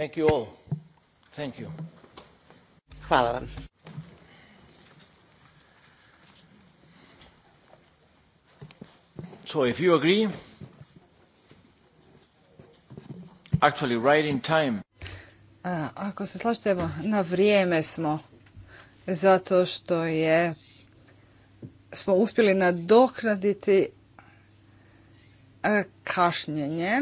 Thank you all. Thank you. Hvala vam. So if you agree, actually right in time. ako se slažete, evo, na vrijeme smo, zato što je smo uspjeli nadoknaditi e, kašnjenje.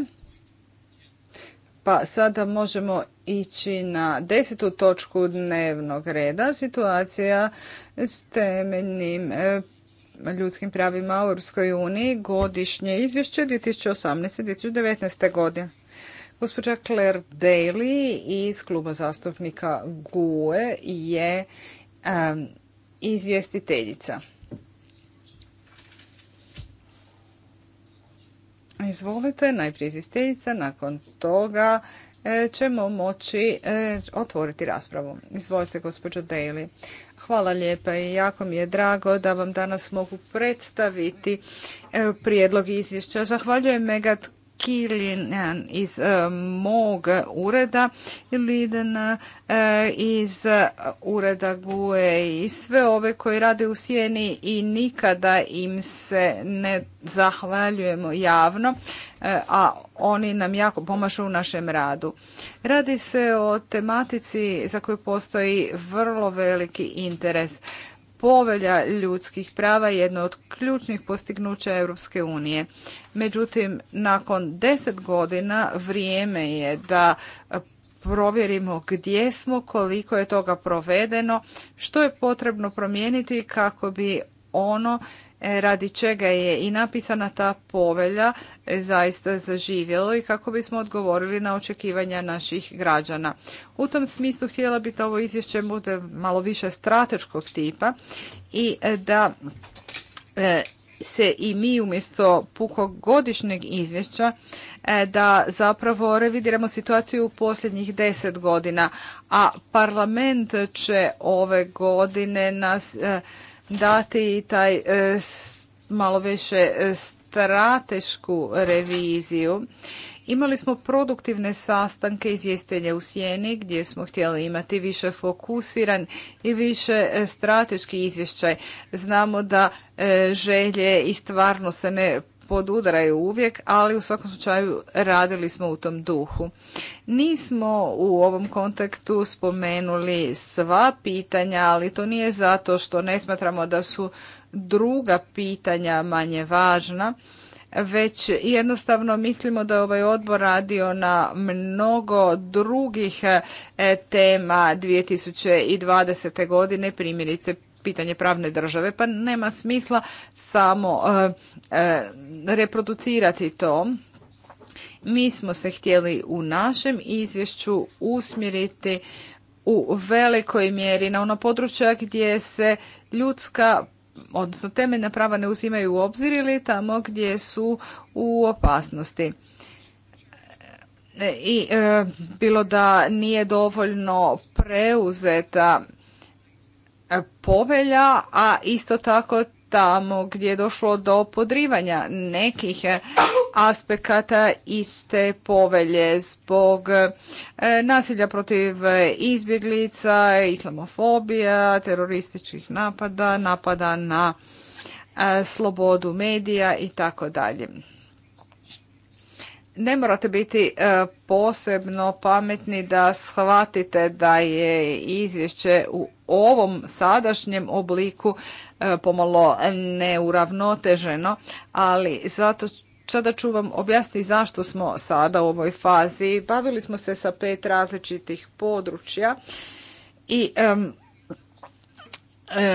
Pa sada možemo ići na desetu točku dnevnog reda, situacija s temeljnim e, ljudskim pravima u Europskoj uniji, godišnje izvješće 2018-2019. godine. Gospođa Claire Daly iz kluba zastupnika GUE je e, izvjestiteljica. Izvolite, najprije izvjestiteljica, nakon toga e, ćemo moći e, otvoriti raspravu. Izvolite, gospođo Daly. Hvala lijepa i jako mi je drago da vam danas mogu predstaviti e, prijedlog izvješća. Zahvaljujem Megat Kiljan iz e, mog ureda, Liden e, iz ureda GUE i sve ove koji rade u sjeni i nikada im se ne zahvaljujemo javno, e, a oni nam jako pomažu u našem radu. Radi se o tematici za koju postoji vrlo veliki interes povelja ljudskih prava jedno od ključnih postignuća Europske unije. Međutim, nakon deset godina vrijeme je da provjerimo gdje smo, koliko je toga provedeno, što je potrebno promijeniti kako bi ono E, radi čega je i napisana ta povelja e, zaista zaživjelo i kako bismo odgovorili na očekivanja naših građana. U tom smislu htjela bi da ovo izvješće bude malo više strateškog tipa i e, da se i mi umjesto pukog godišnjeg izvješća da zapravo revidiramo situaciju u posljednjih deset godina, a parlament će ove godine nas dati i taj e, malo više e, stratešku reviziju. Imali smo produktivne sastanke izvjestelja u Sjeni gdje smo htjeli imati više fokusiran i više e, strateški izvješćaj. Znamo da želje i stvarno se ne podudaraju uvijek, ali u svakom slučaju radili smo u tom duhu. Nismo u ovom kontaktu spomenuli sva pitanja, ali to nije zato što ne smatramo da su druga pitanja manje važna, već jednostavno mislimo da je ovaj odbor radio na mnogo drugih e, tema 2020. godine, primjerice pitanje pravne države, pa nema smisla samo e, e, reproducirati to. Mi smo se htjeli u našem izvješću usmjeriti u velikoj mjeri na ono područja gdje se ljudska odnosno temeljna prava ne uzimaju u obzir ili tamo gdje su u opasnosti. E, I bilo da nije dovoljno preuzeta povelja, a isto tako tamo gdje je došlo do podrivanja nekih aspekata iste povelje zbog e, nasilja protiv izbjeglica, islamofobija, terorističkih napada, napada na e, slobodu medija i tako dalje. Ne morate biti e, posebno pametni da shvatite da je izvješće u ovom sadašnjem obliku e, pomalo neuravnoteženo, ali zato sada ću vam objasniti zašto smo sada u ovoj fazi. Bavili smo se sa pet različitih područja i e,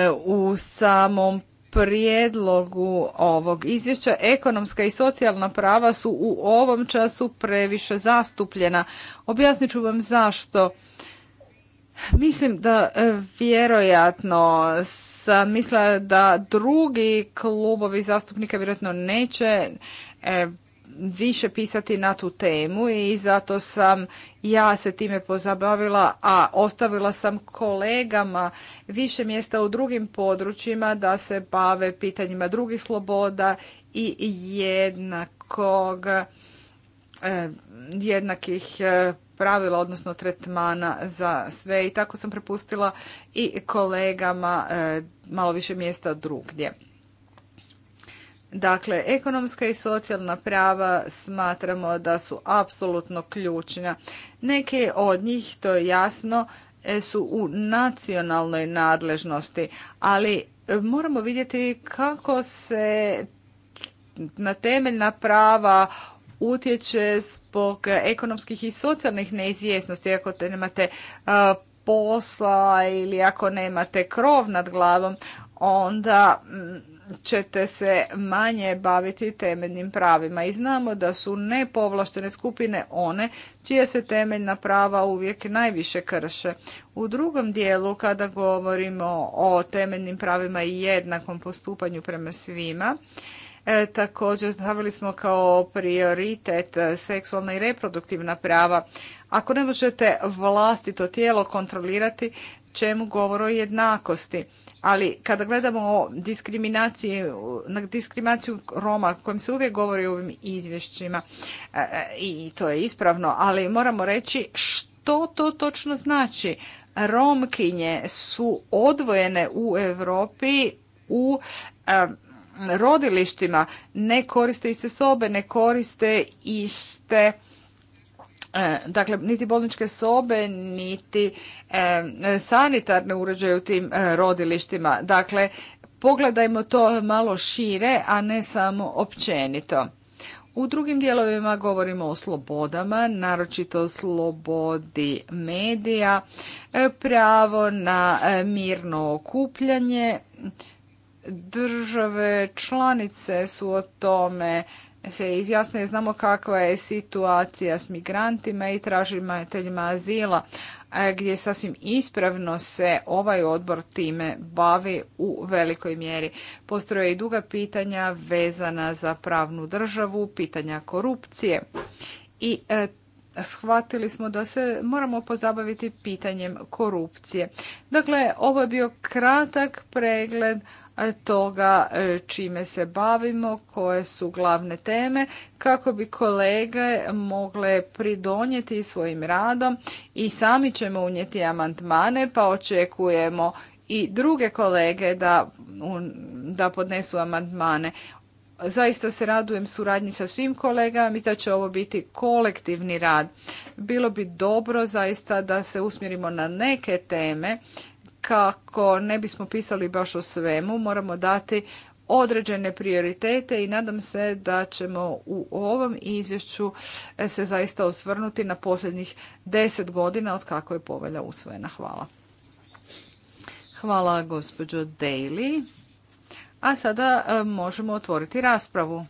u samom prijedlogu ovog izvješća ekonomska i socijalna prava su u ovom času previše zastupljena. Objasnit ću vam zašto. Mislim da e, vjerojatno sam mislila da drugi klubovi zastupnika vjerojatno neće e, više pisati na tu temu i zato sam ja se time pozabavila, a ostavila sam kolegama više mjesta u drugim područjima da se bave pitanjima drugih sloboda i jednakog e, jednakih e, pravila, odnosno tretmana za sve i tako sam prepustila i kolegama e, malo više mjesta drugdje. Dakle, ekonomska i socijalna prava smatramo da su apsolutno ključna. Neke od njih, to je jasno, e, su u nacionalnoj nadležnosti, ali e, moramo vidjeti kako se na temeljna prava utječe zbog ekonomskih i socijalnih neizvjesnosti. Ako te nemate e, posla ili ako nemate krov nad glavom, onda ćete se manje baviti temeljnim pravima. I znamo da su nepovlaštene skupine one čije se temeljna prava uvijek najviše krše. U drugom dijelu, kada govorimo o temeljnim pravima i jednakom postupanju prema svima, e, također stavili smo kao prioritet seksualna i reproduktivna prava. Ako ne možete vlastito tijelo kontrolirati, čemu o jednakosti? Ali kada gledamo o diskriminaciju, na diskriminaciju Roma, kojim se uvijek govori u ovim izvješćima, e, i to je ispravno, ali moramo reći što to točno znači. Romkinje su odvojene u Europi u e, rodilištima, ne koriste iste sobe, ne koriste iste E, dakle, niti bolničke sobe, niti e, sanitarne uređaje u tim e, rodilištima. Dakle, pogledajmo to malo šire, a ne samo općenito. U drugim dijelovima govorimo o slobodama, naročito slobodi medija, pravo na mirno okupljanje. Države članice su o tome se izjasne i znamo kakva je situacija s migrantima i tražimateljima azila, gdje sasvim ispravno se ovaj odbor time bavi u velikoj mjeri. Postoje i duga pitanja vezana za pravnu državu, pitanja korupcije i e, shvatili smo da se moramo pozabaviti pitanjem korupcije. Dakle, ovo je bio kratak pregled toga e, čime se bavimo, koje su glavne teme, kako bi kolege mogle pridonijeti svojim radom i sami ćemo unijeti amandmane, pa očekujemo i druge kolege da, da podnesu amandmane. Zaista se radujem suradnji sa svim kolegama, mislim da će ovo biti kolektivni rad. Bilo bi dobro zaista da se usmjerimo na neke teme kako ne bismo pisali baš o svemu, moramo dati određene prioritete i nadam se da ćemo u ovom izvješću se zaista osvrnuti na posljednjih deset godina od kako je povelja usvojena. Hvala. Hvala gospođo Daly. A sada e, možemo otvoriti raspravu.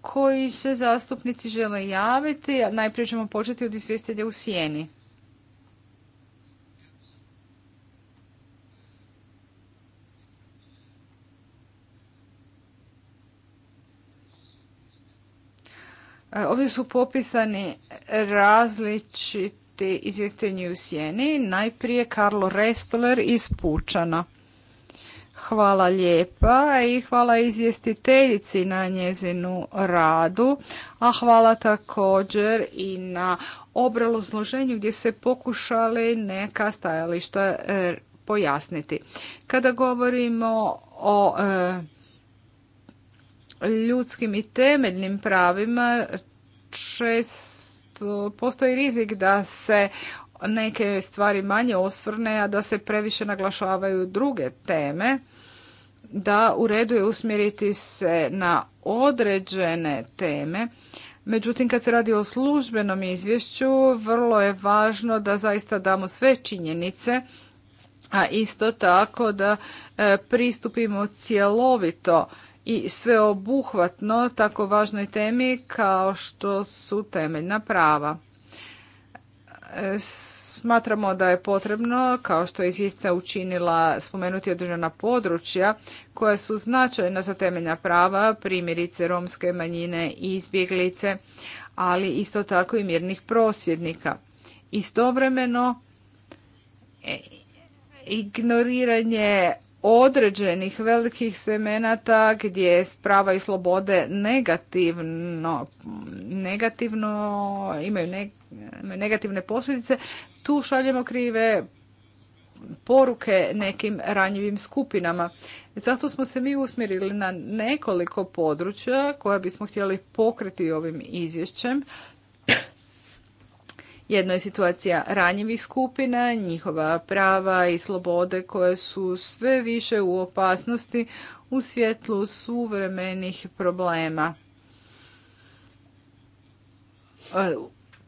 Koji se zastupnici žele javiti? Najprije ćemo početi od izvjestitelja u sjeni. E, ovdje su popisani različiti izvjestenji u sjeni. Najprije Karlo Restler iz Pučana. Hvala lijepa i hvala izvjestiteljici na njezinu radu, a hvala također i na obrazloženju gdje se pokušali neka stajališta e, pojasniti. Kada govorimo o e, ljudskim i temeljnim pravima često postoji rizik da se neke stvari manje osvrne, a da se previše naglašavaju druge teme, da u redu je usmjeriti se na određene teme. Međutim, kad se radi o službenom izvješću, vrlo je važno da zaista damo sve činjenice, a isto tako da e, pristupimo cjelovito i sveobuhvatno tako važnoj temi kao što su temeljna prava. E, smatramo da je potrebno, kao što je izvješća učinila, spomenuti održana područja koja su značajna za temeljna prava, primjerice romske manjine i izbjeglice, ali isto tako i mirnih prosvjednika. Istovremeno, e, ignoriranje određenih velikih semenata gdje prava i slobode negativno, negativno imaju, ne, imaju negativne posljedice, tu šaljemo krive poruke nekim ranjivim skupinama. Zato smo se mi usmjerili na nekoliko područja koja bismo htjeli pokriti ovim izvješćem, jedno je situacija ranjivih skupina, njihova prava i slobode koje su sve više u opasnosti u svjetlu suvremenih problema. E,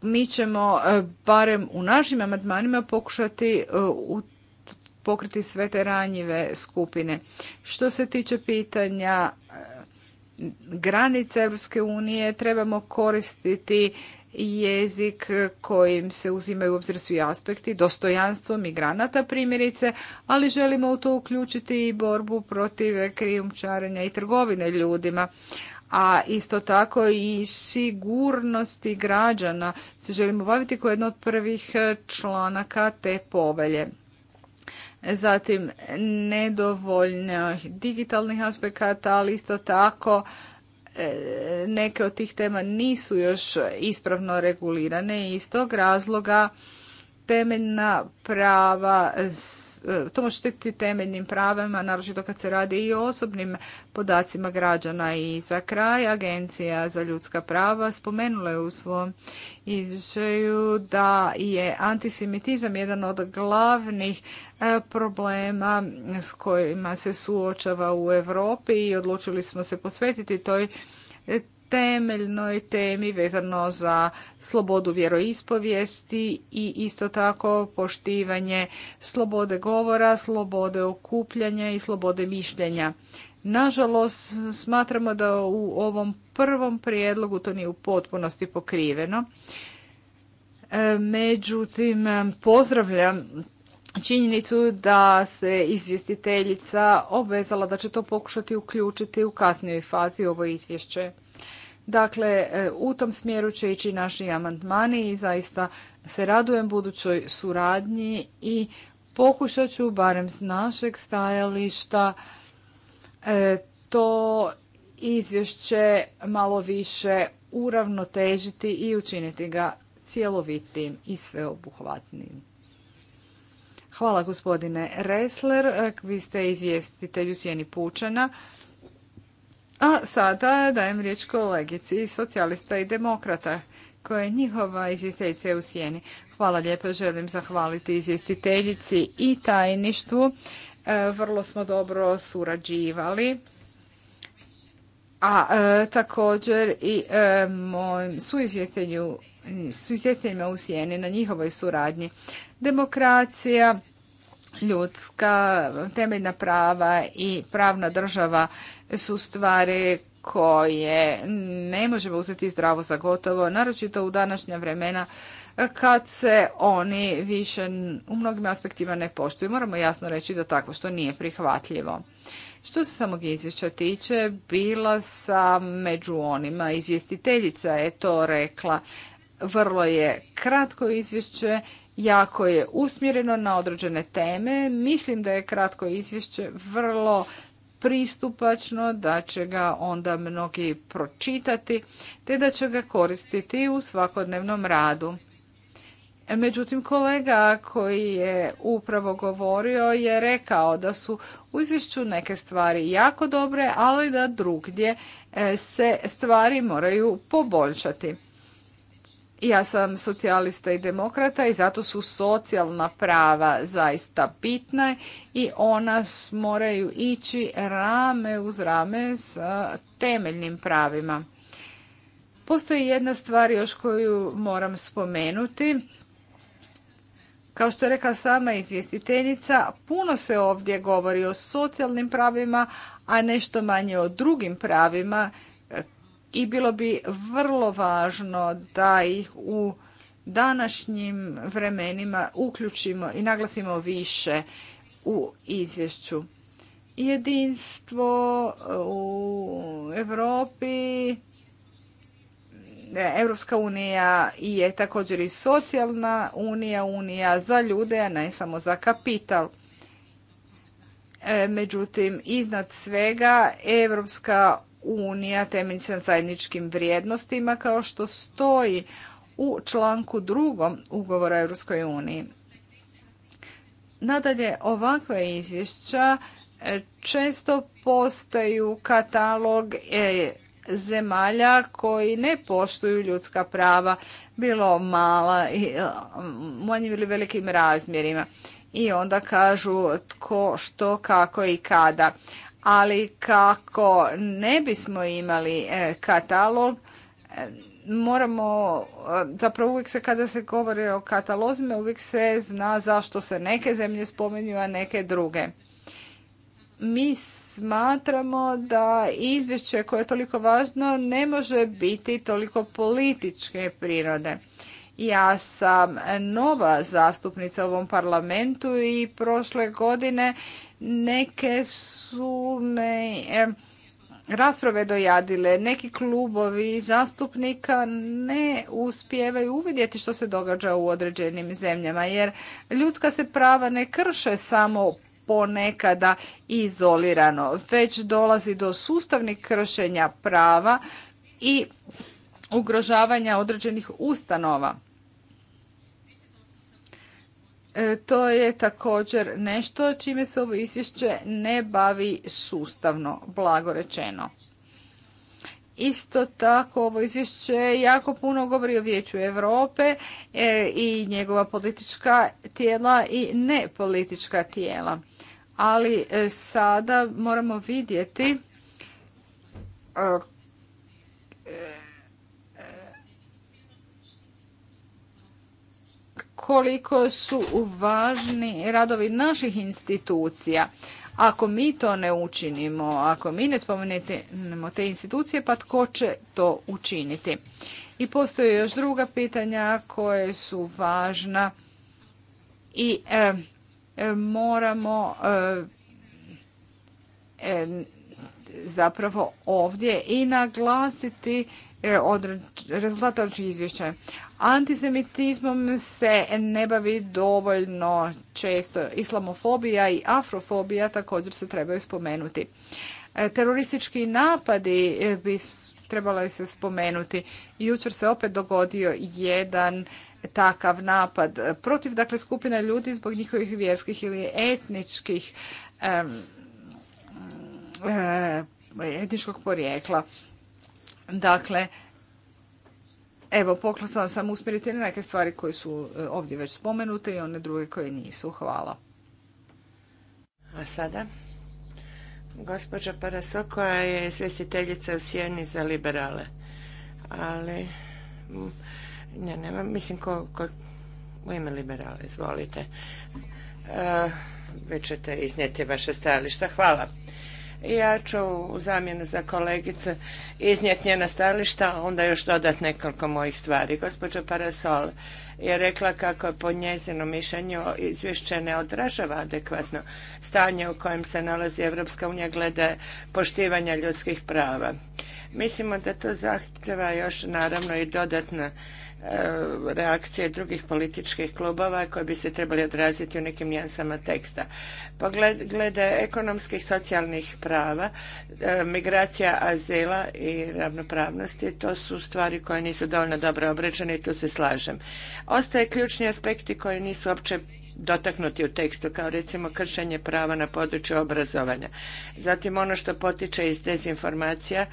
mi ćemo e, barem u našim amandmanima pokušati e, pokriti sve te ranjive skupine. Što se tiče pitanja granice EU, unije trebamo koristiti jezik kojim se uzimaju u obzir svi aspekti, dostojanstvo migranata primjerice, ali želimo u to uključiti i borbu protiv krijumčarenja i trgovine ljudima. A isto tako i sigurnosti građana se želimo baviti kao jedno od prvih članaka te povelje. Zatim nedovoljnih digitalnih aspekata, ali isto tako Neke od tih tema nisu još ispravno regulirane i iz tog razloga temeljna prava to može štiti temeljnim pravima, naročito kad se radi i o osobnim podacima građana. I za kraj, Agencija za ljudska prava spomenula je u svom izvješćaju da je antisemitizam jedan od glavnih E, problema s kojima se suočava u Europi i odlučili smo se posvetiti toj temeljnoj temi vezano za slobodu vjeroispovijesti i isto tako poštivanje slobode govora, slobode okupljanja i slobode mišljenja. Nažalost, smatramo da u ovom prvom prijedlogu to nije u potpunosti pokriveno. E, međutim, pozdravljam činjenicu da se izvjestiteljica obvezala da će to pokušati uključiti u kasnijoj fazi ovo izvješće. Dakle, e, u tom smjeru će ići naši amandmani i zaista se radujem budućoj suradnji i pokušat ću barem s našeg stajališta e, to izvješće malo više uravnotežiti i učiniti ga cjelovitim i sveobuhvatnim. Hvala gospodine Resler, e, vi ste izvjestitelj u Sjeni Pučana. A sada dajem riječ kolegici socijalista i demokrata koja je njihova izvjestiteljica u Sjeni. Hvala lijepo, želim zahvaliti izvjestiteljici i tajništvu. E, vrlo smo dobro surađivali a e, također i e, mojim u sjeni na njihovoj suradnji. Demokracija, ljudska, temeljna prava i pravna država su stvari koje ne možemo uzeti zdravo za gotovo, naročito u današnja vremena kad se oni više u mnogim aspektima ne poštuju. Moramo jasno reći da takvo što nije prihvatljivo. Što se samog izvješća tiče, bila sam među onima. Izvjestiteljica je to rekla. Vrlo je kratko izvješće, jako je usmjereno na određene teme. Mislim da je kratko izvješće vrlo pristupačno, da će ga onda mnogi pročitati, te da će ga koristiti u svakodnevnom radu. Međutim, kolega koji je upravo govorio je rekao da su u izvješću neke stvari jako dobre, ali da drugdje e, se stvari moraju poboljšati. Ja sam socijalista i demokrata i zato su socijalna prava zaista bitna i ona moraju ići rame uz rame s temeljnim pravima. Postoji jedna stvar još koju moram spomenuti kao što je rekla sama izvjestiteljica, puno se ovdje govori o socijalnim pravima, a nešto manje o drugim pravima i bilo bi vrlo važno da ih u današnjim vremenima uključimo i naglasimo više u izvješću. Jedinstvo u Europi E, Europska unija je također i socijalna unija, unija za ljude, a ne samo za kapital. E, međutim, iznad svega Europska unija temelji se na zajedničkim vrijednostima kao što stoji u članku drugom ugovora Europskoj uniji. Nadalje, ovakva izvješća e, često postaju katalog zemalja koji ne poštuju ljudska prava, bilo mala i e, manjim ili velikim razmjerima. I onda kažu tko, što, kako i kada. Ali kako ne bismo imali e, katalog, e, moramo, zapravo uvijek se kada se govori o katalozima, uvijek se zna zašto se neke zemlje spominju, a neke druge mi smatramo da izvješće koje je toliko važno ne može biti toliko političke prirode. Ja sam nova zastupnica u ovom parlamentu i prošle godine neke su me rasprave dojadile. Neki klubovi zastupnika ne uspijevaju uvidjeti što se događa u određenim zemljama jer ljudska se prava ne krše samo ponekada izolirano, već dolazi do sustavnih kršenja prava i ugrožavanja određenih ustanova. E, to je također nešto čime se ovo izvješće ne bavi sustavno, blago rečeno. Isto tako ovo izvješće jako puno govori o Vijeću Europe e, i njegova politička tijela i nepolitička tijela. Ali e, sada moramo vidjeti e, koliko su važni radovi naših institucija. Ako mi to ne učinimo, ako mi ne spomenemo te institucije, pa tko će to učiniti? I postoje još druga pitanja koje su važna i e, e, moramo e, zapravo ovdje i naglasiti E, rezultata određenih izvješća. Antisemitizmom se ne bavi dovoljno često. Islamofobija i afrofobija također se trebaju spomenuti. E, teroristički napadi e, bi trebalo se spomenuti. Jučer se opet dogodio jedan takav napad protiv dakle skupina ljudi zbog njihovih vjerskih ili etničkih etničkog porijekla. Dakle, evo, vam sam usmjeriti na neke stvari koje su e, ovdje već spomenute i one druge koje nisu. Hvala. A sada? Gospođa Parasokoja je svjestiteljica u Sjeni za liberale. Ali, ne, nema, mislim, ko, ko, u ime liberale, izvolite. E, već ćete iznijeti vaše stajališta. Hvala. Ja ću u zamjenu za kolegice iznijeti njena stajališta, onda još dodat nekoliko mojih stvari. Gospođa Parasol je rekla kako po njezinom mišljenju izvješće ne odražava adekvatno stanje u kojem se nalazi Europska unija glede poštivanja ljudskih prava. Mislimo da to zahtjeva još naravno i dodatna e, reakcije drugih političkih klubova koji bi se trebali odraziti u nekim nijansama teksta. Pogled, glede ekonomskih, socijalnih prava, e, migracija, azila i ravnopravnosti, to su stvari koje nisu dovoljno dobro obrečene i tu se slažem. Ostaje ključni aspekti koji nisu uopće dotaknuti u tekstu, kao recimo kršenje prava na području obrazovanja. Zatim ono što potiče iz dezinformacija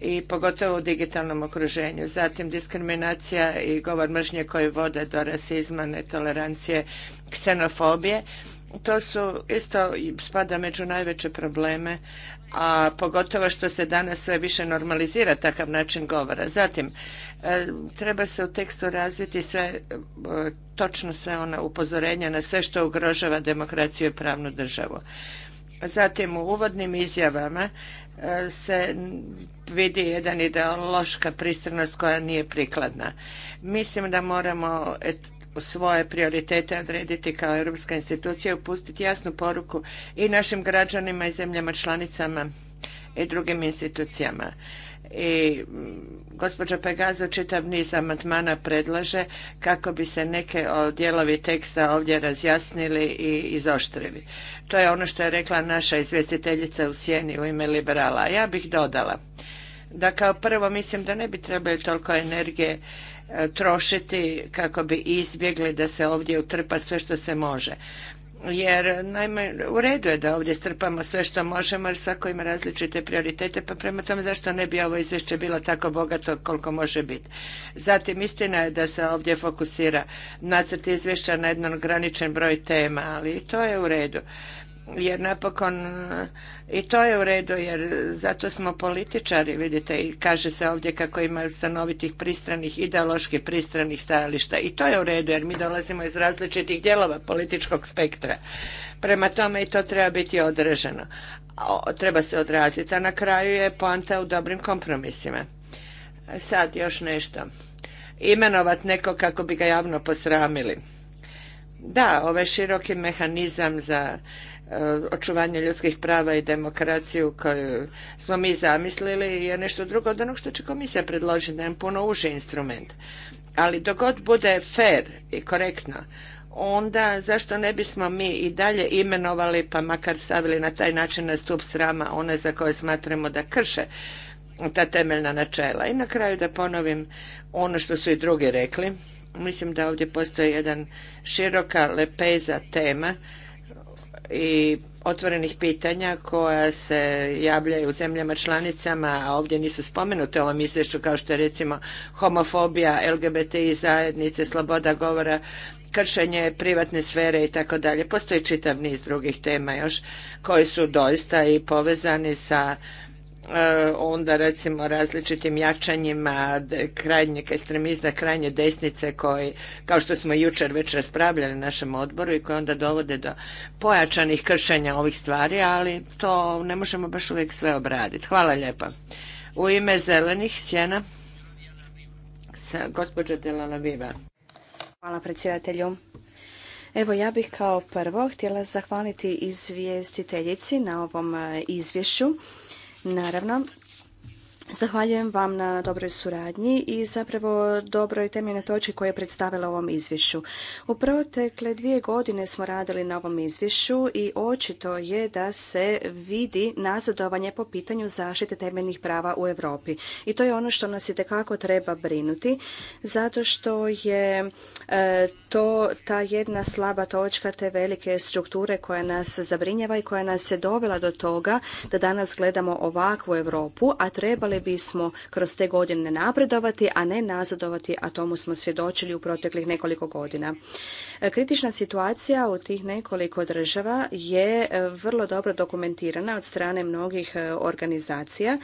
i pogotovo u digitalnom okruženju. Zatim diskriminacija i govor mržnje koji vode do rasizma, netolerancije, ksenofobije. To su isto spada među najveće probleme a pogotovo što se danas sve više normalizira takav način govora. Zatim, e, treba se u tekstu razviti sve, e, točno sve ona upozorenja na sve što ugrožava demokraciju i pravnu državu. Zatim, u uvodnim izjavama e, se vidi jedan ideološka pristranost koja nije prikladna. Mislim da moramo svoje prioritete odrediti kao europska institucija i upustiti jasnu poruku i našim građanima i zemljama članicama i drugim institucijama. I mm, gospođa Pegazo čitav niz amandmana predlaže kako bi se neke dijelovi teksta ovdje razjasnili i izoštrili. To je ono što je rekla naša izvjestiteljica u sjeni u ime liberala. A ja bih dodala da kao prvo mislim da ne bi trebali toliko energije E, trošiti kako bi izbjegli da se ovdje utrpa sve što se može. Jer naime, u redu je da ovdje strpamo sve što možemo jer svako ima različite prioritete pa prema tome zašto ne bi ovo izvješće bilo tako bogato koliko može biti. Zatim istina je da se ovdje fokusira nacrt izvješća na jedan ograničen broj tema, ali i to je u redu jer napokon i to je u redu jer zato smo političari vidite i kaže se ovdje kako imaju stanovitih pristranih ideoloških pristranih stajališta i to je u redu jer mi dolazimo iz različitih dijelova političkog spektra prema tome i to treba biti odreženo treba se odraziti a na kraju je poanta u dobrim kompromisima sad još nešto imenovat nekog kako bi ga javno posramili da, ovaj široki mehanizam za Eh, očuvanje ljudskih prava i demokraciju koju smo mi zamislili je nešto drugo od onog što će komisija predložiti, da je puno uži instrument. Ali dok god bude fair i korektno, onda zašto ne bismo mi i dalje imenovali pa makar stavili na taj način na stup srama one za koje smatramo da krše ta temeljna načela. I na kraju da ponovim ono što su i drugi rekli. Mislim da ovdje postoji jedan široka lepeza tema i otvorenih pitanja koja se javljaju u zemljama članicama, a ovdje nisu spomenute u ovom izvješću kao što je recimo homofobija, LGBTI zajednice, sloboda govora, kršenje privatne sfere i tako dalje. Postoji čitav niz drugih tema još koji su doista i povezani sa E, onda recimo različitim jačanjima krajnjeg ekstremizma, krajnje desnice koji, kao što smo jučer već raspravljali na našem odboru i koji onda dovode do pojačanih kršenja ovih stvari, ali to ne možemo baš uvijek sve obraditi. Hvala lijepa. U ime zelenih sjena, sa gospođa Delana Viva. Hvala predsjedatelju. Evo ja bih kao prvo htjela zahvaliti izvjestiteljici na ovom e, izvješću Naravno, Zahvaljujem vam na dobroj suradnji i zapravo dobroj temeljnoj točki koje je predstavila u ovom izvješću. U protekle dvije godine smo radili na ovom izvješću i očito je da se vidi nazadovanje po pitanju zaštite temeljnih prava u Europi. I to je ono što nas itekako treba brinuti, zato što je e, to ta jedna slaba točka te velike strukture koja nas zabrinjava i koja nas je dovela do toga da danas gledamo ovakvu Europu, a trebali bismo kroz te godine napredovati, a ne nazadovati, a tomu smo svjedočili u proteklih nekoliko godina. E, kritična situacija u tih nekoliko država je e, vrlo dobro dokumentirana od strane mnogih e, organizacija,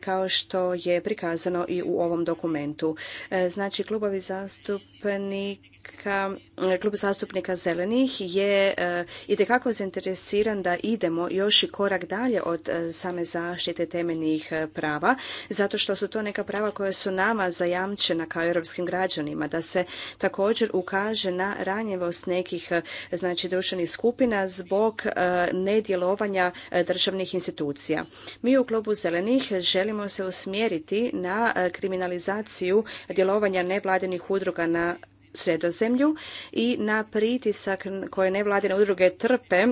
kao što je prikazano i u ovom dokumentu. Znači, klubovi zastupnika Eh, Klub zastupnika Zelenih je eh, itekako zainteresiran da idemo još i korak dalje od eh, same zaštite temeljnih prava, zato što su to neka prava koja su nama zajamčena kao europskim građanima, da se također ukaže na ranjivost nekih znači, društvenih skupina zbog nedjelovanja državnih institucija. Mi u Klubu Zelenih želimo se usmjeriti na kriminalizaciju djelovanja nevladinih udruga na sredozemlju i na pritisak koje nevladine udruge trpe e,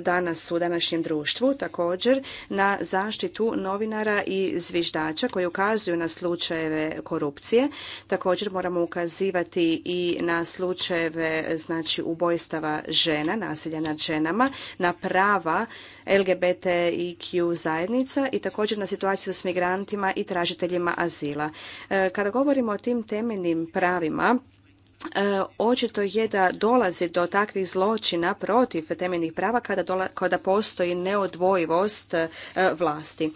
danas u današnjem društvu, također na zaštitu novinara i zviždača koji ukazuju na slučajeve korupcije. Također moramo ukazivati i na slučajeve znači ubojstava žena, nasilja nad ženama, na prava LGBTIQ zajednica i također na situaciju s migrantima i tražiteljima azila. E, kada govorimo o tim temeljnim pravima E, očito je da dolazi do takvih zločina protiv temeljnih prava kada, kada postoji neodvojivost e, vlasti.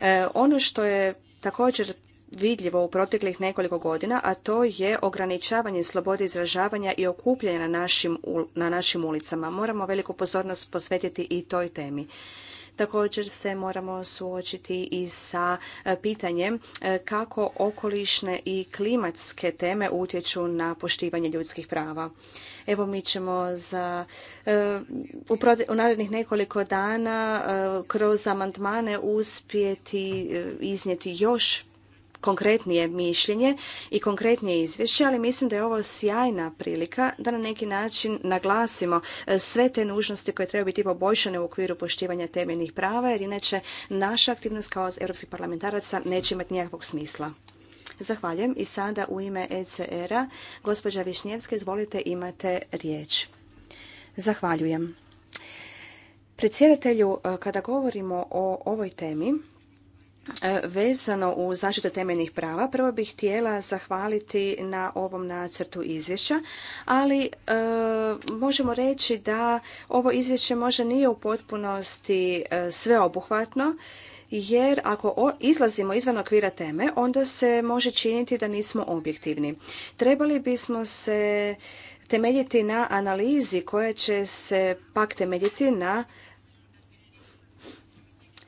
E, ono što je također vidljivo u proteklih nekoliko godina, a to je ograničavanje slobode izražavanja i okupljanja na našim, na našim ulicama. Moramo veliku pozornost posvetiti i toj temi. Također se moramo suočiti i sa e, pitanjem e, kako okolišne i klimatske teme utječu na poštivanje ljudskih prava. Evo mi ćemo za, e, u, narednih nekoliko dana kroz amandmane uspjeti iznijeti još konkretnije mišljenje i konkretnije izvješće, ali mislim da je ovo sjajna prilika da na neki način naglasimo e, sve te nužnosti koje trebaju biti poboljšane u okviru poštivanja temeljnih prava, jer inače naša aktivnost kao europskih parlamentaraca neće imati nikakvog smisla. Zahvaljujem i sada u ime ECR-a gospođa Višnjevska, izvolite, imate riječ. Zahvaljujem. Predsjedatelju, e, kada govorimo o ovoj temi, E, vezano u zaštitu temeljnih prava, prvo bih htjela zahvaliti na ovom nacrtu izvješća, ali e, možemo reći da ovo izvješće možda nije u potpunosti e, sveobuhvatno, jer ako izlazimo izvan okvira teme, onda se može činiti da nismo objektivni. Trebali bismo se temeljiti na analizi koja će se pak temeljiti na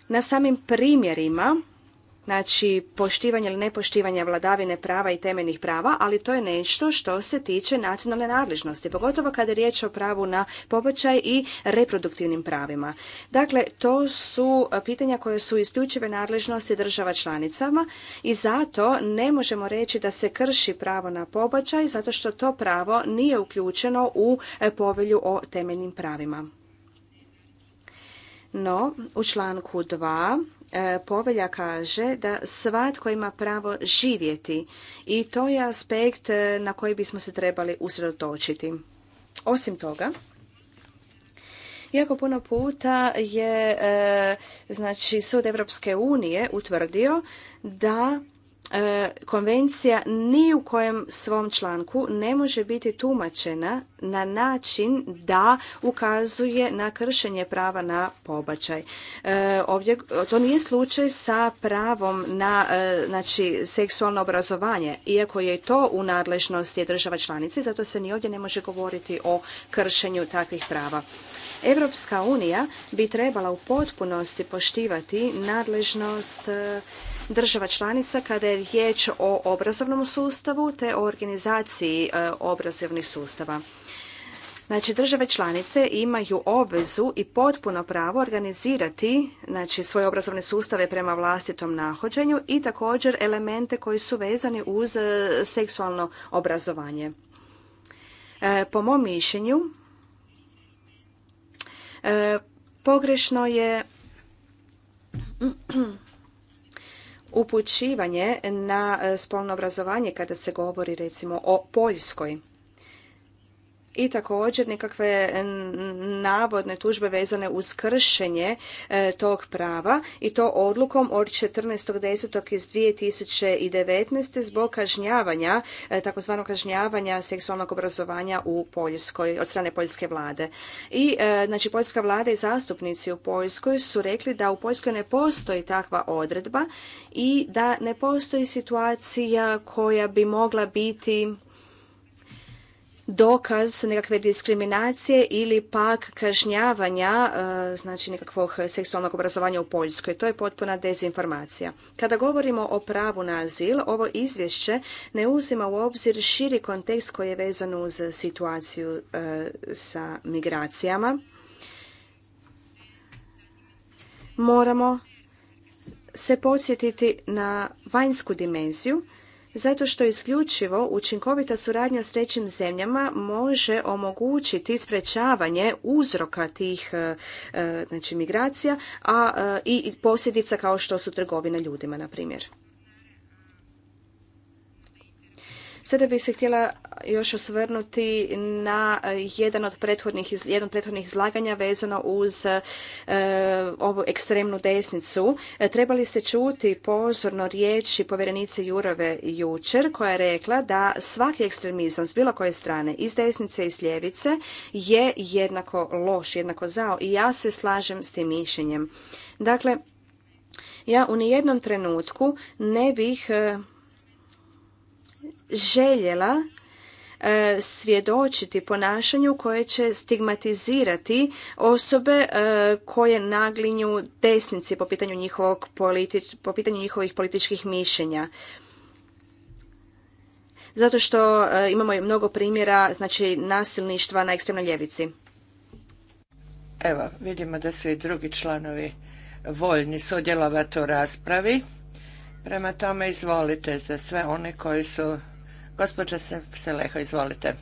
na samim primjerima znači poštivanje ili nepoštivanje vladavine prava i temeljnih prava, ali to je nešto što se tiče nacionalne nadležnosti, pogotovo kada je riječ o pravu na pobačaj i reproduktivnim pravima. Dakle, to su pitanja koje su isključive nadležnosti država članicama i zato ne možemo reći da se krši pravo na pobačaj zato što to pravo nije uključeno u povelju o temeljnim pravima. No, u članku 2 e, povelja kaže da svatko ima pravo živjeti i to je aspekt e, na koji bismo se trebali usredotočiti. Osim toga, iako puno puta je e, znači, Sud Evropske unije utvrdio da E, konvencija ni u kojem svom članku ne može biti tumačena na način da ukazuje na kršenje prava na pobačaj. E, ovdje, to nije slučaj sa pravom na e, znači, seksualno obrazovanje, iako je to u nadležnosti država članice, zato se ni ovdje ne može govoriti o kršenju takvih prava. Europska unija bi trebala u potpunosti poštivati nadležnost država članica kada je riječ o obrazovnom sustavu te o organizaciji e, obrazovnih sustava. Znači, države članice imaju obvezu i potpuno pravo organizirati znači, svoje obrazovne sustave prema vlastitom nahođenju i također elemente koji su vezani uz e, seksualno obrazovanje. E, po mom mišljenju, pogrešno je upućivanje na e, spolno obrazovanje kada se govori recimo o Poljskoj i također nekakve navodne tužbe vezane uz kršenje e, tog prava i to odlukom od 14.10. iz 2019. zbog kažnjavanja, e, kažnjavanja seksualnog obrazovanja u Poljskoj, od strane poljske vlade. I e, znači poljska vlada i zastupnici u Poljskoj su rekli da u Poljskoj ne postoji takva odredba i da ne postoji situacija koja bi mogla biti dokaz nekakve diskriminacije ili pak kažnjavanja e, znači nekakvog seksualnog obrazovanja u Poljskoj. To je potpuna dezinformacija. Kada govorimo o pravu na azil, ovo izvješće ne uzima u obzir širi kontekst koji je vezan uz situaciju e, sa migracijama. Moramo se podsjetiti na vanjsku dimenziju zato što isključivo učinkovita suradnja s trećim zemljama može omogućiti sprječavanje uzroka tih e, e, znači migracija a e, i posljedica kao što su trgovina ljudima, na primjer. Sada bih se htjela još osvrnuti na jedan od prethodnih, jedan prethodnih izlaganja vezano uz e, ovu ekstremnu desnicu. E, trebali ste čuti pozorno riječi povjerenice Jurove jučer koja je rekla da svaki ekstremizam s bilo koje strane iz desnice i s ljevice je jednako loš, jednako zao i ja se slažem s tim mišljenjem. Dakle, ja u nijednom trenutku ne bih e, željela e, svjedočiti ponašanju koje će stigmatizirati osobe e, koje naglinju desnici po pitanju, politič, po pitanju njihovih političkih mišljenja. Zato što e, imamo mnogo primjera znači, nasilništva na ekstremnoj ljevici. Evo, vidimo da su i drugi članovi voljni sudjelovati u raspravi. Prema tome izvolite za sve one koji su Gospođa izvolite.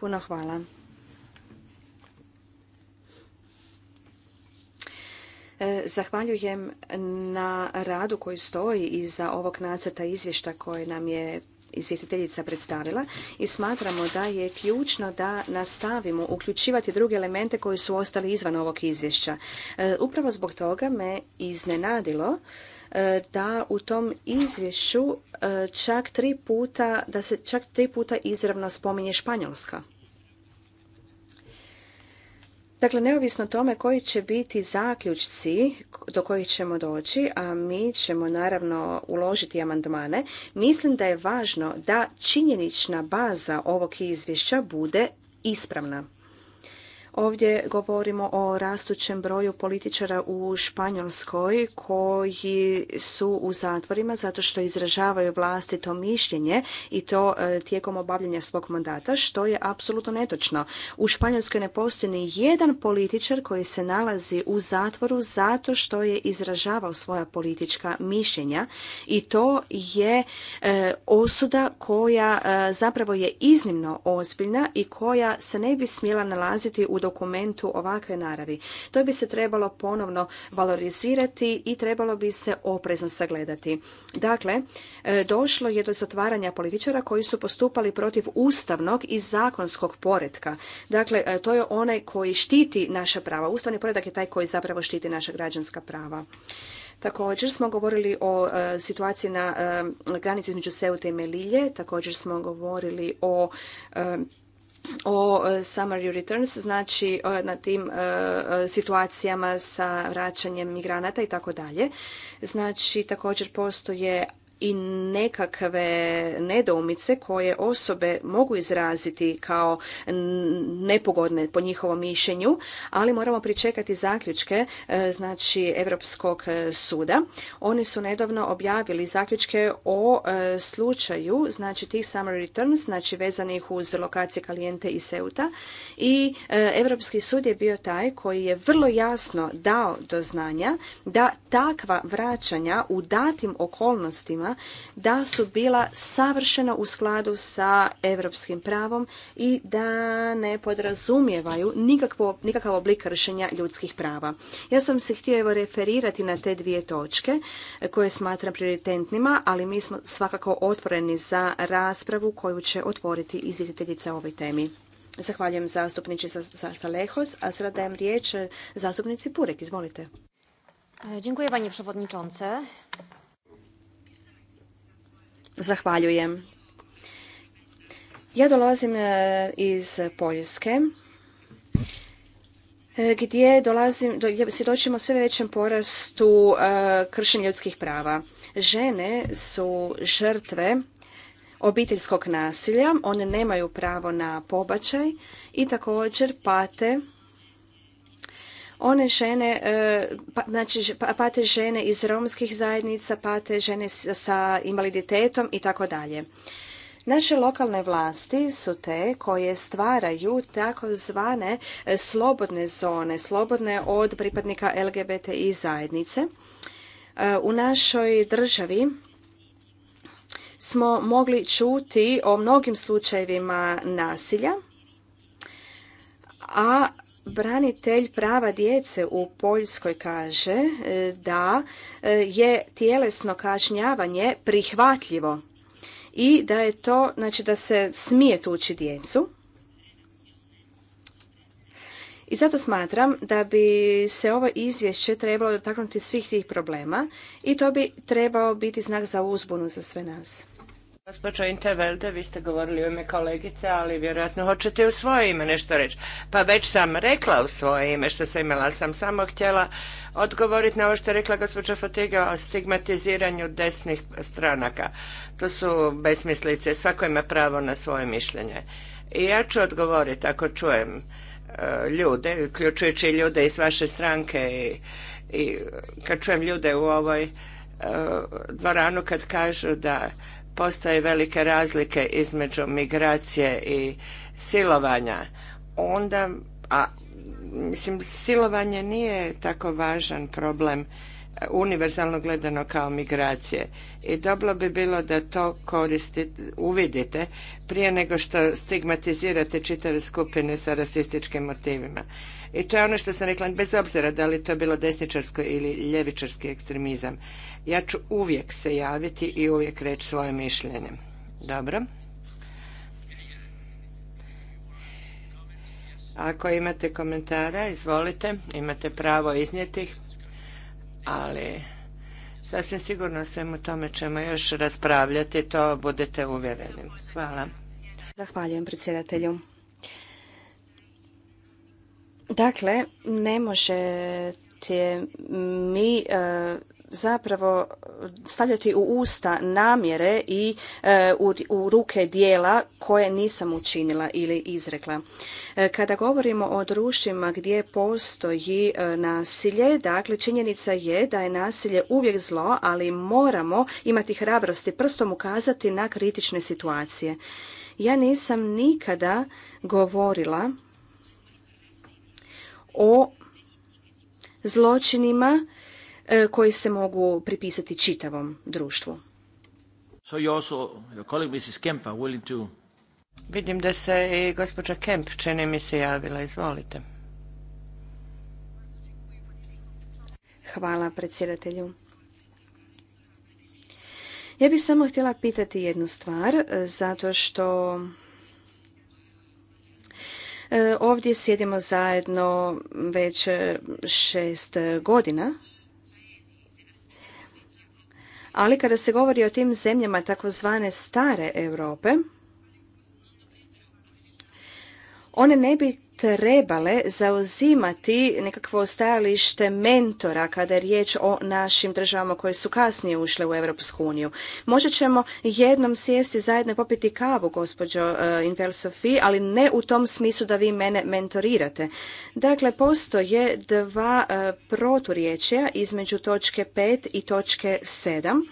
Puno hvala. E, zahvaljujem na radu koji stoji iza ovog nacrta izvješta koje nam je izvjestiteljica predstavila i smatramo da je ključno da nastavimo uključivati druge elemente koji su ostali izvan ovog izvješća. E, upravo zbog toga me iznenadilo E, da u tom izvješću e, čak tri puta, da se čak tri puta izravno spominje Španjolska. Dakle, neovisno tome koji će biti zaključci do kojih ćemo doći, a mi ćemo naravno uložiti amandmane, mislim da je važno da činjenična baza ovog izvješća bude ispravna. Ovdje govorimo o rastućem broju političara u Španjolskoj koji su u zatvorima zato što izražavaju vlastito mišljenje i to e, tijekom obavljanja svog mandata, što je apsolutno netočno. U Španjolskoj ne postoji ni jedan političar koji se nalazi u zatvoru zato što je izražavao svoja politička mišljenja i to je e, osuda koja e, zapravo je iznimno ozbiljna i koja se ne bi smjela nalaziti u dokumentu ovakve naravi. To bi se trebalo ponovno valorizirati i trebalo bi se oprezno sagledati. Dakle, e, došlo je do zatvaranja političara koji su postupali protiv ustavnog i zakonskog poretka. Dakle, e, to je onaj koji štiti naša prava. Ustavni poredak je taj koji zapravo štiti naša građanska prava. Također smo govorili o e, situaciji na granici između Seute i Melilje, također smo govorili o o e, summary returns, znači e, na tim e, situacijama sa vraćanjem migranata i tako dalje. Znači također postoje i nekakve nedoumice koje osobe mogu izraziti kao nepogodne po njihovom mišljenju, ali moramo pričekati zaključke e, znači Europskog e, suda. Oni su nedavno objavili zaključke o e, slučaju znači tih summary returns, znači vezanih uz lokacije Kalijente i Seuta i Europski sud je bio taj koji je vrlo jasno dao do znanja da takva vraćanja u datim okolnostima da su bila savršena u skladu sa europskim pravom i da ne podrazumijevaju nikakav oblik kršenja ljudskih prava. Ja sam se htio evo referirati na te dvije točke koje smatram prioritetnima, ali mi smo svakako otvoreni za raspravu koju će otvoriti izvjetiteljica o ovoj temi. Zahvaljujem zastupnici Salehos, a sada dajem riječ zastupnici Purek. Izvolite. Dziękuję panie Zahvaljujem. Ja dolazim e, iz Poljske e, gdje dolazim, svjedočimo sve većem porastu e, kršenja ljudskih prava. Žene su žrtve obiteljskog nasilja, one nemaju pravo na pobačaj i također pate one žene, e, pa, znači pa, pate žene iz romskih zajednica, pate žene sa invaliditetom i tako dalje. Naše lokalne vlasti su te koje stvaraju takozvane e, slobodne zone, slobodne od pripadnika LGBTI zajednice. E, u našoj državi smo mogli čuti o mnogim slučajevima nasilja, a branitelj prava djece u Poljskoj kaže e, da e, je tjelesno kažnjavanje prihvatljivo i da je to, znači da se smije tući djecu. I zato smatram da bi se ovo izvješće trebalo dotaknuti svih tih problema i to bi trebao biti znak za uzbunu za sve nas. Gospođo Intervelde, vi ste govorili u ime kolegice, ali vjerojatno hoćete u svoje ime nešto reći. Pa već sam rekla u svoje ime što sam imala, sam samo htjela odgovoriti na ovo što je rekla gospođa Fotiga o stigmatiziranju desnih stranaka. To su besmislice, svako ima pravo na svoje mišljenje. I ja ću odgovoriti ako čujem e, ljude, uključujući ljude iz vaše stranke i, i kad čujem ljude u ovoj e, dvoranu kad kažu da postoje velike razlike između migracije i silovanja, onda, a mislim, silovanje nije tako važan problem e, univerzalno gledano kao migracije. I dobro bi bilo da to koristite, uvidite prije nego što stigmatizirate čitave skupine sa rasističkim motivima. I to je ono što sam rekla, bez obzira da li to bilo desničarsko ili ljevičarski ekstremizam. Ja ću uvijek se javiti i uvijek reći svoje mišljenje. Dobro. Ako imate komentara, izvolite, imate pravo iznijeti ih, ali sasvim sigurno svemu tome ćemo još raspravljati, to budete uvjereni. Hvala. Zahvaljujem predsjedatelju. Dakle, ne možete mi e, zapravo stavljati u usta namjere i e, u, ruke dijela koje nisam učinila ili izrekla. E, kada govorimo o društvima gdje postoji e, nasilje, dakle činjenica je da je nasilje uvijek zlo, ali moramo imati hrabrosti prstom ukazati na kritične situacije. Ja nisam nikada govorila o zločinima E, koji se mogu pripisati čitavom društvu. Vidim da se i gospođa Kemp čini mi se javila. Izvolite. Hvala predsjedatelju. Ja bih samo htjela pitati jednu stvar, e, zato što e, ovdje sjedimo zajedno već šest godina ali kada se govori o tim zemljama takozvane stare Europe, one ne bi trebale zauzimati nekakvo stajalište mentora kada je riječ o našim državama koje su kasnije ušle u Europsku uniju. Možda ćemo jednom sjesti zajedno popiti kavu, gospođo e, Invel Sofie, ali ne u tom smislu da vi mene mentorirate. Dakle, postoje dva e, proturječja između točke pet i točke 7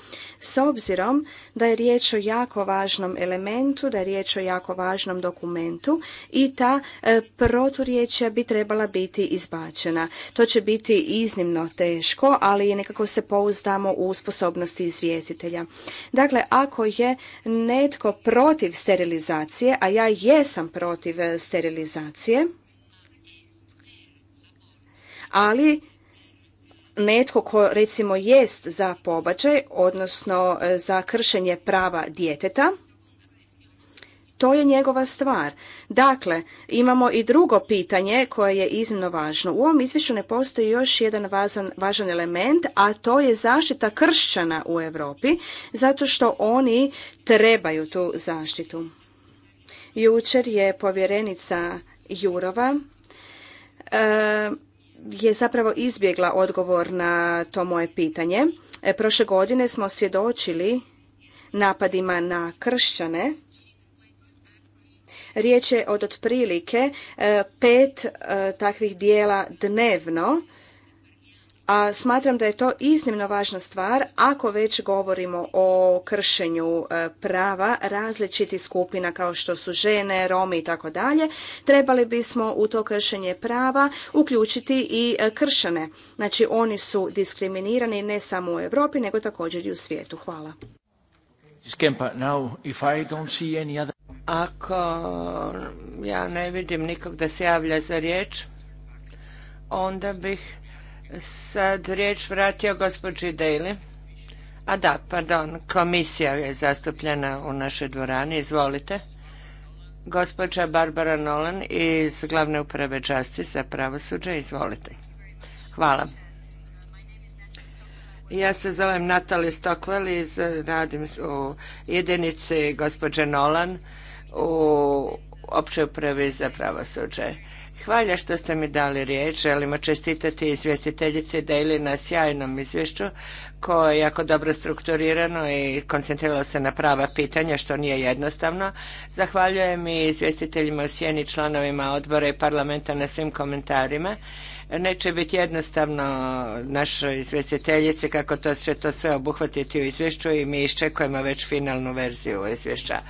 s obzirom da je riječ o jako važnom elementu, da je riječ o jako važnom dokumentu i ta e, proturječja bi trebala biti izbačena. To će biti iznimno teško, ali nekako se pouzdamo u sposobnosti izvjestitelja. Dakle, ako je netko protiv sterilizacije, a ja jesam protiv e, sterilizacije, ali netko ko recimo jest za pobačaj, odnosno e, za kršenje prava djeteta, to je njegova stvar. Dakle, imamo i drugo pitanje koje je iznimno važno. U ovom izvješću ne postoji još jedan važan, važan element, a to je zaštita kršćana u Europi, zato što oni trebaju tu zaštitu. Jučer je povjerenica Jurova e, je zapravo izbjegla odgovor na to moje pitanje. E, prošle godine smo svjedočili napadima na kršćane. Riječ je od otprilike e, pet e, takvih dijela dnevno a smatram da je to iznimno važna stvar ako već govorimo o kršenju e, prava različitih skupina kao što su žene, Romi i tako dalje, trebali bismo u to kršenje prava uključiti i e, kršene. Znači oni su diskriminirani ne samo u Europi nego također i u svijetu. Hvala. Ako ja ne vidim nikog da se javlja za riječ, onda bih sad riječ vratio gospođi Daly. A da, pardon, komisija je zastupljena u našoj dvorani, izvolite. Gospođa Barbara Nolan iz glavne uprave časti za pravosuđe, izvolite. Hvala. Ja se zovem Natali Stokvel i radim u jedinici gospođe Nolan u općoj upravi za pravosuđe. Hvala što ste mi dali riječ. Želimo čestitati izvjestiteljici ili na sjajnom izvješću koje je jako dobro strukturirano i koncentriralo se na prava pitanja što nije jednostavno. Zahvaljujem i izvjestiteljima u sjeni članovima odbora i parlamenta na svim komentarima. Neće biti jednostavno našoj izvjestiteljici kako to će to sve obuhvatiti u izvješću i mi iščekujemo već finalnu verziju izvješća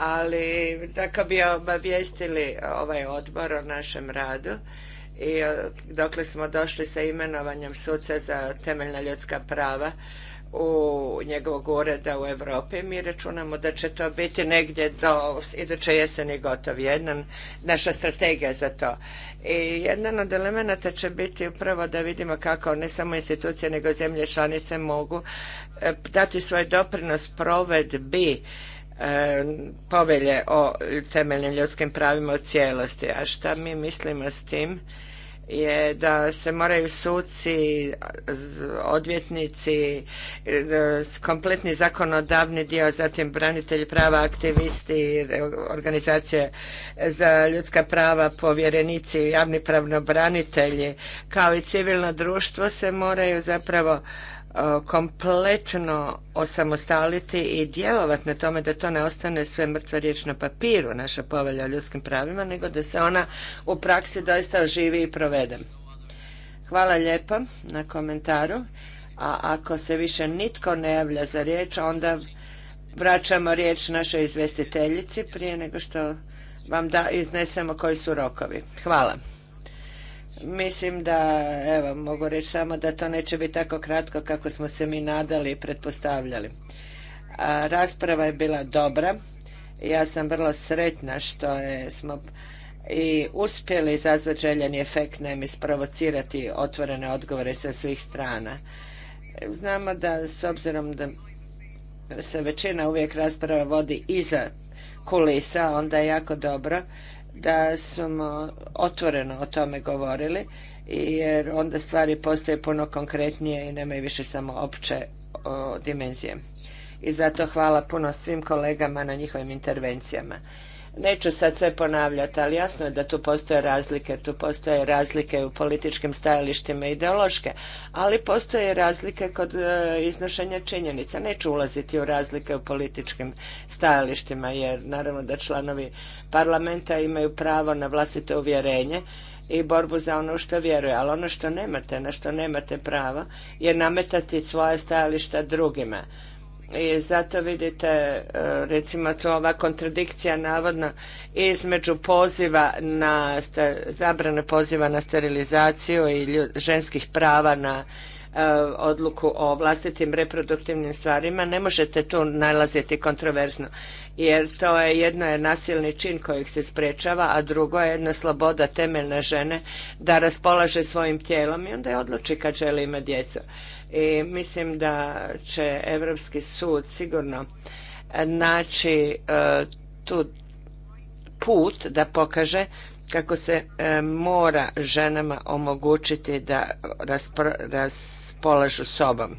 ali tako bi obavijestili ovaj odbor o našem radu i e, dokle smo došli sa imenovanjem suca za temeljna ljudska prava u njegovog ureda u Europi. Mi računamo da će to biti negdje do iduće jeseni gotov. Jedan, naša strategija za to. I jedan od elemenata će biti upravo da vidimo kako ne samo institucije nego zemlje članice mogu e, dati svoj doprinos provedbi povelje o temeljnim ljudskim pravima u cijelosti. A šta mi mislimo s tim je da se moraju suci, odvjetnici, kompletni zakonodavni dio, zatim branitelji prava, aktivisti, organizacije za ljudska prava, povjerenici, javni branitelji, kao i civilno društvo se moraju zapravo E, kompletno osamostaliti i djelovati na tome da to ne ostane sve mrtva riječ na papiru, naša povelja o ljudskim pravima, nego da se ona u praksi doista oživi i provede. Hvala lijepa na komentaru, a ako se više nitko ne javlja za riječ, onda vraćamo riječ našoj izvestiteljici prije nego što vam da iznesemo koji su rokovi. Hvala. Mislim da, evo, mogu reći samo da to neće biti tako kratko kako smo se mi nadali i pretpostavljali. rasprava je bila dobra. Ja sam vrlo sretna što smo i uspjeli izazvati željeni efekt, mi isprovocirati otvorene odgovore sa svih strana. Znamo da s obzirom da se većina uvijek rasprava vodi iza kulisa, onda je jako dobro da smo otvoreno o tome govorili jer onda stvari postaju puno konkretnije i nemaju više samo opće o, dimenzije. I zato hvala puno svim kolegama na njihovim intervencijama. Neću sad sve ponavljati, ali jasno je da tu postoje razlike. Tu postoje razlike u političkim stajalištima ideološke, ali postoje razlike kod e, iznošenja činjenica. Neću ulaziti u razlike u političkim stajalištima, jer naravno da članovi parlamenta imaju pravo na vlastito uvjerenje i borbu za ono što vjeruje. Ali ono što nemate, na što nemate prava, je nametati svoja stajališta drugima i zato vidite e, recimo tu ova kontradikcija navodna između poziva na zabrane poziva na sterilizaciju i ženskih prava na E, odluku o vlastitim reproduktivnim stvarima, ne možete tu nalaziti kontroverzno. Jer to je jedno je nasilni čin kojih se sprečava, a drugo je jedna sloboda temeljne žene da raspolaže svojim tijelom i onda je odluči kad želi imati djecu. I mislim da će Europski sud sigurno naći e, tu put da pokaže kako se e, mora ženama omogućiti da raspolažu sobom.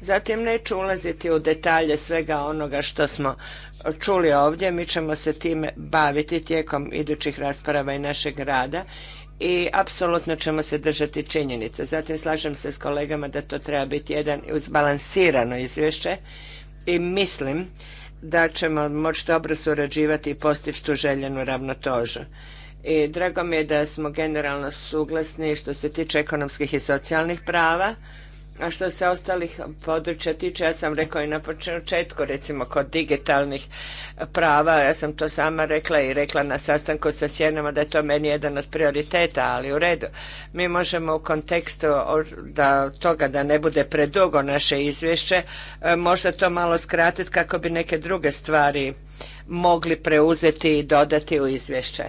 Zatim neću ulaziti u detalje svega onoga što smo čuli ovdje, mi ćemo se time baviti tijekom idućih rasprava i našeg rada i apsolutno ćemo se držati činjenica. Zatim slažem se s kolegama da to treba biti jedan uzbalansirano izvješće i mislim da ćemo moći dobro surađivati i postići tu željenu ravnotežu. I drago mi je da smo generalno suglasni što se tiče ekonomskih i socijalnih prava a što se ostalih područja tiče, ja sam rekao i na početku, recimo kod digitalnih prava, ja sam to sama rekla i rekla na sastanku sa Sjenama da je to meni jedan od prioriteta, ali u redu. Mi možemo u kontekstu da, toga da ne bude predugo naše izvješće, e, možda to malo skratiti kako bi neke druge stvari mogli preuzeti i dodati u izvješće.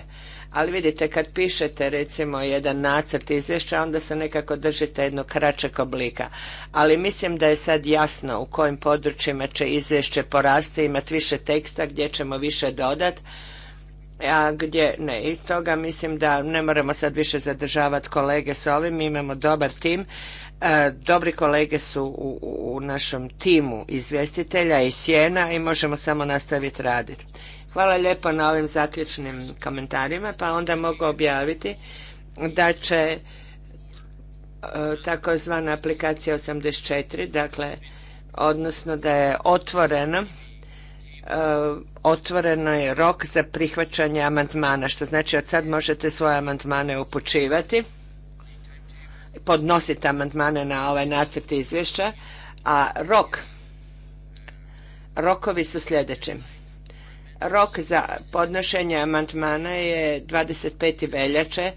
Ali vidite, kad pišete recimo jedan nacrt izvješća, onda se nekako držite jednog kraćeg oblika. Ali mislim da je sad jasno u kojim područjima će izvješće porasti, imati više teksta gdje ćemo više dodat, a gdje ne. I toga mislim da ne moramo sad više zadržavati kolege s ovim, Mi imamo dobar tim. E, dobri kolege su u, u našem timu izvjestitelja i sjena i možemo samo nastaviti raditi. Hvala lijepo na ovim zaključnim komentarima, pa onda mogu objaviti da će e, takozvana aplikacija 84, dakle, odnosno da je otvorena e, otvoreno je rok za prihvaćanje amandmana, što znači od sad možete svoje amandmane upućivati, podnositi amandmane na ovaj nacrt izvješća, a rok, rokovi su sljedeći. Rok za podnošenje amandmana je 25. veljače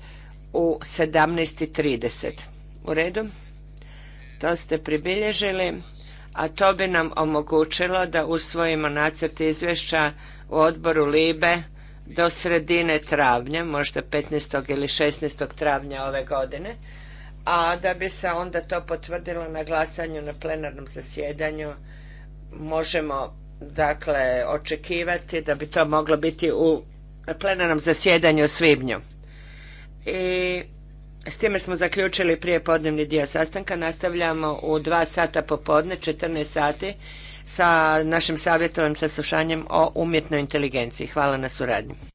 u 17.30. U redu? To ste pribilježili, a to bi nam omogućilo da usvojimo nacrt izvješća u odboru LIBE do sredine travnja, možda 15. ili 16. travnja ove godine, a da bi se onda to potvrdilo na glasanju na plenarnom zasjedanju možemo dakle očekivati da bi to moglo biti u plenarnom zasjedanju u svibnju. I s time smo zaključili prije podnevni dio sastanka. Nastavljamo u dva sata popodne, 14 sati, sa našim savjetovim saslušanjem o umjetnoj inteligenciji. Hvala na suradnju.